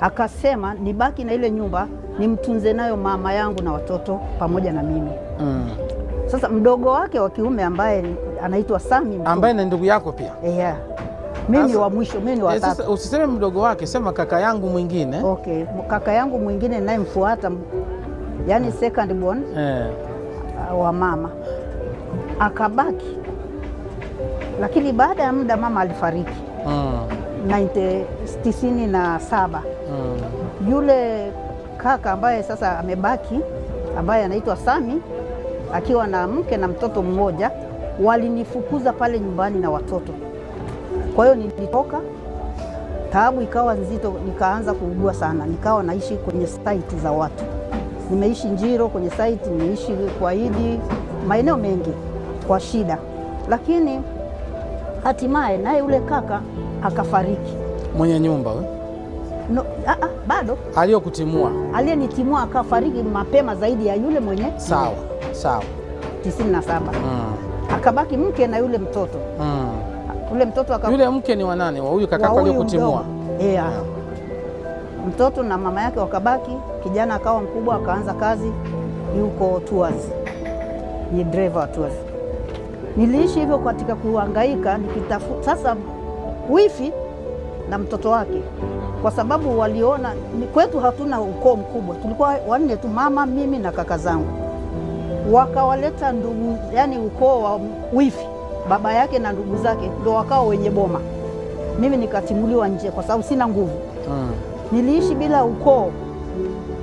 Akasema nibaki na ile nyumba nimtunze nayo mama yangu na watoto pamoja na mimi mm. Sasa mdogo wake wa kiume ambaye anaitwa Sami ambaye ni ndugu yako pia yeah. Mimi wa mwisho, mimi wa eh, tatu. Sasa usiseme mdogo wake, sema kaka yangu mwingine. Okay, kaka yangu mwingine ninayemfuata, yani second born yeah. Uh, wa mama akabaki, lakini baada ya muda mama alifariki mm. 1997 yule kaka ambaye sasa amebaki ambaye anaitwa Sami akiwa na mke na mtoto mmoja, walinifukuza pale nyumbani na watoto. Kwa hiyo nilitoka, taabu ikawa nzito, nikaanza kuugua sana, nikawa naishi kwenye saiti za watu. Nimeishi Njiro kwenye saiti, nimeishi Kwaidi, maeneo mengi kwa shida, lakini hatimaye naye yule kaka akafariki. Mwenye nyumba we? No, -a, ah, ah, bado aliyokutimua aliyenitimua akafariki mapema zaidi ya yule mwenye. Sawa sawa, tisini na saba mm. Akabaki mke na yule mtoto mm. Yule mtoto akab... yule mke ni wanane wa huyu kaka aliyokutimua yeah. Eh, mtoto na mama yake wakabaki. Kijana akawa mkubwa akaanza kazi yuko tours, ni driver tours. Niliishi hivyo katika kuhangaika nikitafuta sasa wifi na mtoto wake, kwa sababu waliona kwetu hatuna ukoo mkubwa, tulikuwa wanne tu, mama, mimi na kaka zangu. Wakawaleta ndugu, yani ukoo wa wifi, baba yake na ndugu zake ndo wakao wenye boma. Mimi nikatimuliwa nje kwa sababu sina nguvu hmm. Niliishi bila ukoo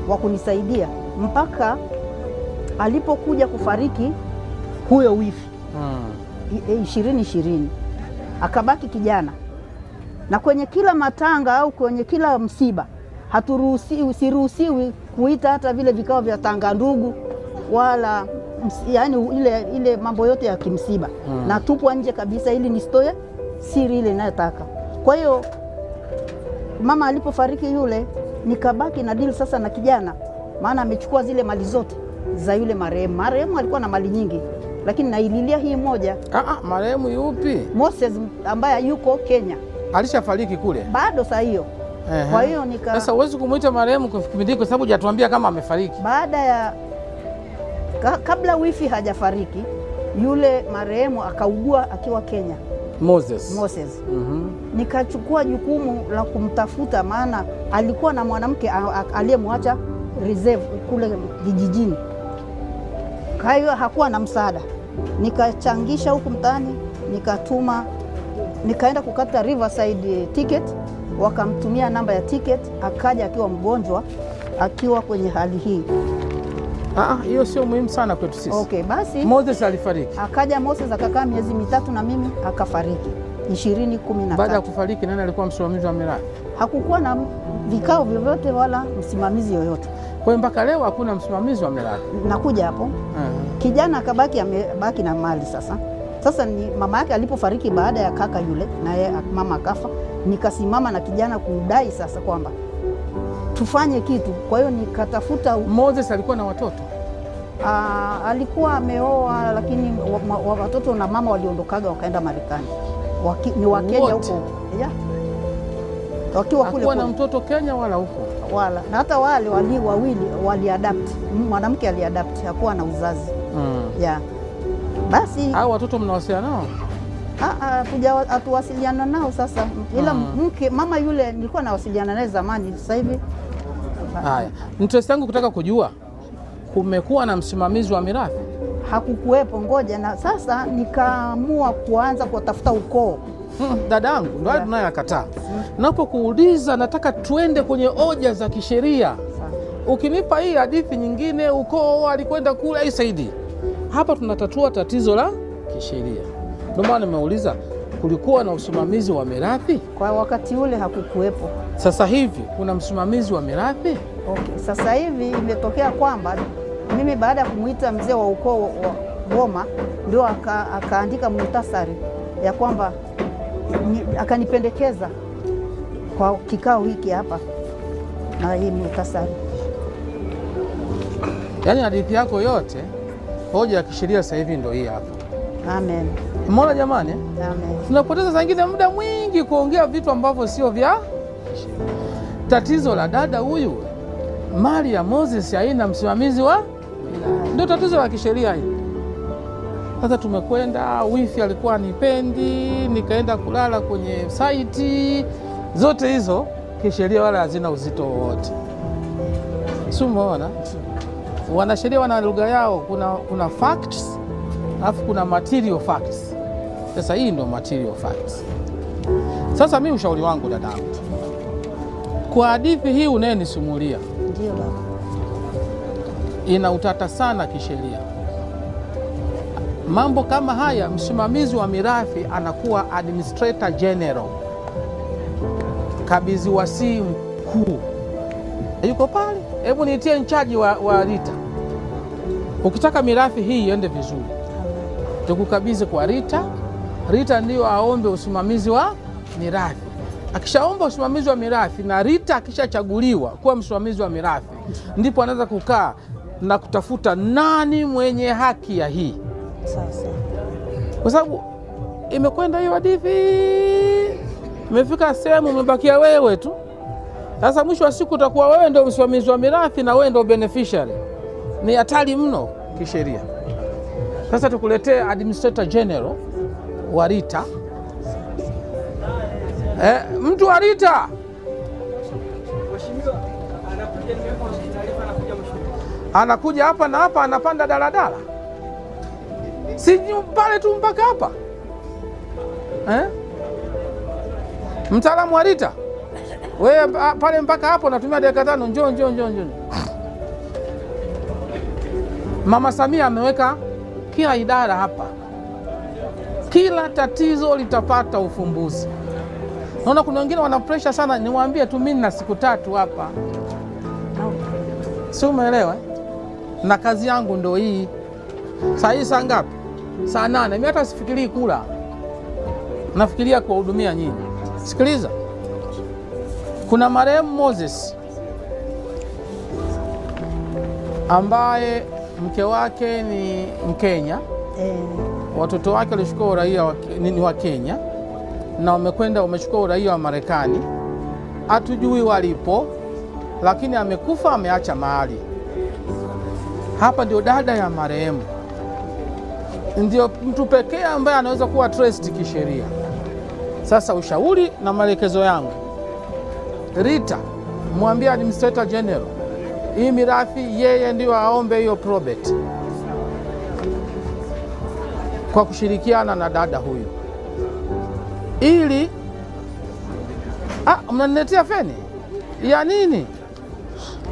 wa kunisaidia mpaka alipokuja kufariki huyo wifi hmm. Eh, ishirini hmm. ishirini akabaki kijana na kwenye kila matanga au kwenye kila msiba haturuhusiwi, siruhusiwi kuita hata vile vikao vya tanga ndugu wala yaani ile, ile mambo yote ya kimsiba hmm. na tupwa nje kabisa, ili nisitoe siri ile inayotaka. Kwa hiyo mama alipofariki yule, nikabaki na dili sasa na kijana, maana amechukua zile mali zote za yule marehemu. Marehemu alikuwa na mali nyingi, lakini naililia hii moja. Ah, ah marehemu yupi? Moses ambaye yuko Kenya. Alishafariki kule bado saa hiyo Kwa hiyo nika sasa, huwezi kumwita marehemu kipindi kwa sababu hujatuambia kama amefariki. Baada ya ka, kabla wifi hajafariki yule marehemu akaugua akiwa Kenya Moses, Moses. Mm -hmm. Nikachukua jukumu la kumtafuta, maana alikuwa na mwanamke aliyemwacha reserve kule vijijini, kwa hiyo hakuwa na msaada. Nikachangisha huku mtaani, nikatuma nikaenda kukata Riverside ticket, wakamtumia namba ya ticket, akaja akiwa mgonjwa, akiwa kwenye hali hii. Ah, ah, hiyo sio muhimu sana kwetu sisi. Okay, basi Moses alifariki, akaja Moses akakaa miezi mitatu na mimi akafariki ishirini Baada ya kufariki, nani alikuwa msimamizi wa miradi? Hakukuwa na vikao vyovyote wala msimamizi yoyote. Kwa hiyo mpaka leo hakuna msimamizi wa miradi. Nakuja hapo. -huh. Eh. Kijana akabaki amebaki na mali sasa sasa ni mama yake alipofariki baada ya kaka yule naye mama akafa, nikasimama na kijana kudai sasa kwamba tufanye kitu. Kwa hiyo nikatafuta. Moses alikuwa na watoto Aa, ah, alikuwa ameoa lakini wa, wa, watoto na mama waliondokaga wakaenda Marekani waki, ni Wakenya huko yeah. Wakiwa kule na mtoto Kenya wala huko wala na hata wale wali wawili waliadapti, mwanamke aliadapti, hakuwa na uzazi mm. yeah basi hao watoto mnawasiliana nao? Ah, ah, hatuwasiliana nao sasa, ila ah. mke mama yule nilikuwa nawasiliana naye zamani, sasa hivi haya. Interest yangu kutaka kujua kumekuwa na msimamizi wa mirathi hakukuwepo, ngoja na sasa nikaamua kuanza kuwatafuta ukoo. Hmm, dadangu ndio tunaye akataa. Hmm. Napokuuliza nataka tuende kwenye hoja za kisheria, ukinipa hii hadithi nyingine, ukoo alikwenda kule isaidi hapa tunatatua tatizo la kisheria. Ndio maana nimeuliza kulikuwa na usimamizi wa mirathi kwa wakati ule, hakukuwepo. Sasa hivi kuna msimamizi wa mirathi okay. Sasa hivi imetokea kwamba mimi baada ya kumwita mzee wa ukoo wa Goma ndio aka, akaandika muhtasari ya kwamba akanipendekeza kwa kikao hiki hapa na hii muhtasari, yaani hadithi yako yote Hoja ya kisheria sasa hivi ndio hii hapa. Amen. Umeona jamani? Amen. Tunapoteza saa nyingine muda mwingi kuongea vitu ambavyo sio vya tatizo la dada huyu, mali ya Moses haina msimamizi wa, ndio tatizo la kisheria hili. Sasa tumekwenda wifi alikuwa nipendi, nikaenda kulala kwenye saiti zote hizo, kisheria wala hazina uzito wowote, si umeona? Wanasheria wana lugha yao, kuna, kuna facts alafu kuna material facts. Sasa hii ndio material facts. Sasa mi ushauri wangu dadangu, kwa hadithi hii unayenisimulia ndio ina utata sana kisheria. Mambo kama haya, msimamizi wa mirathi anakuwa administrator general, kabidhi wasii mkuu. Eh, yuko pale, hebu niitie nchaji wa, wa Rita. Ukitaka mirathi hii iende vizuri, tukukabidhi kwa Rita. Rita ndiyo aombe usimamizi wa mirathi. Akishaomba usimamizi wa mirathi na Rita akishachaguliwa kuwa msimamizi wa mirathi, ndipo anaweza kukaa na kutafuta nani mwenye haki ya hii, kwa sababu imekwenda hiyo hadithi, imefika sehemu umebakia wewe tu. Sasa mwisho wa siku utakuwa wewe ndio msimamizi wa mirathi na wewe ndio beneficiary. Ni hatari mno kisheria. Sasa tukuletee administrator general wa Rita eh, mtu wa Rita anakuja hapa na hapa anapanda daladala, si pale tu mpaka hapa eh? Mtaalamu wa Rita wewe pale mpaka hapo natumia dakika tano. Njoo, njoo, njoo, njoo. Mama Samia ameweka kila idara hapa, kila tatizo litapata ufumbuzi. Naona kuna wengine wana presha sana, niwaambie tu, mimi na siku tatu hapa, si umeelewa? Na kazi yangu ndo hii. Saa hii saa ngapi? Saa nane. Mimi hata sifikirii kula, nafikiria kuwahudumia nyinyi. Sikiliza. Kuna marehemu Moses ambaye mke wake ni Mkenya e. Watoto wake walichukua uraia wa, ni wa Kenya na wamekwenda wamechukua uraia wa Marekani, hatujui walipo, lakini amekufa ameacha mahali hapa. Ndio dada ya marehemu, ndio mtu pekee ambaye anaweza kuwa trust kisheria. Sasa ushauri na maelekezo yangu Rita, mwambie administrator general hii mirathi yeye ndiyo aombe hiyo probate kwa kushirikiana na dada huyu, ili ah, mnaniletea feni ya nini?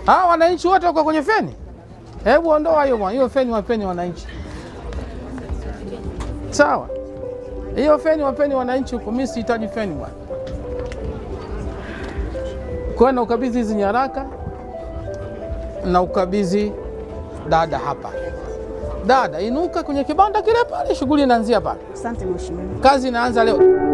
Ah, wananchi wote wako kwenye feni. Hebu ondoa hiyo hiyo feni, wapeni wananchi. Sawa, hiyo feni wapeni wananchi huko, mimi sihitaji feni bwana. Kwa na ukabizi hizi nyaraka na ukabidhi dada hapa. Dada, inuka kwenye kibanda kile pale, shughuli inaanzia pale. Asante mheshimiwa. Kazi inaanza leo.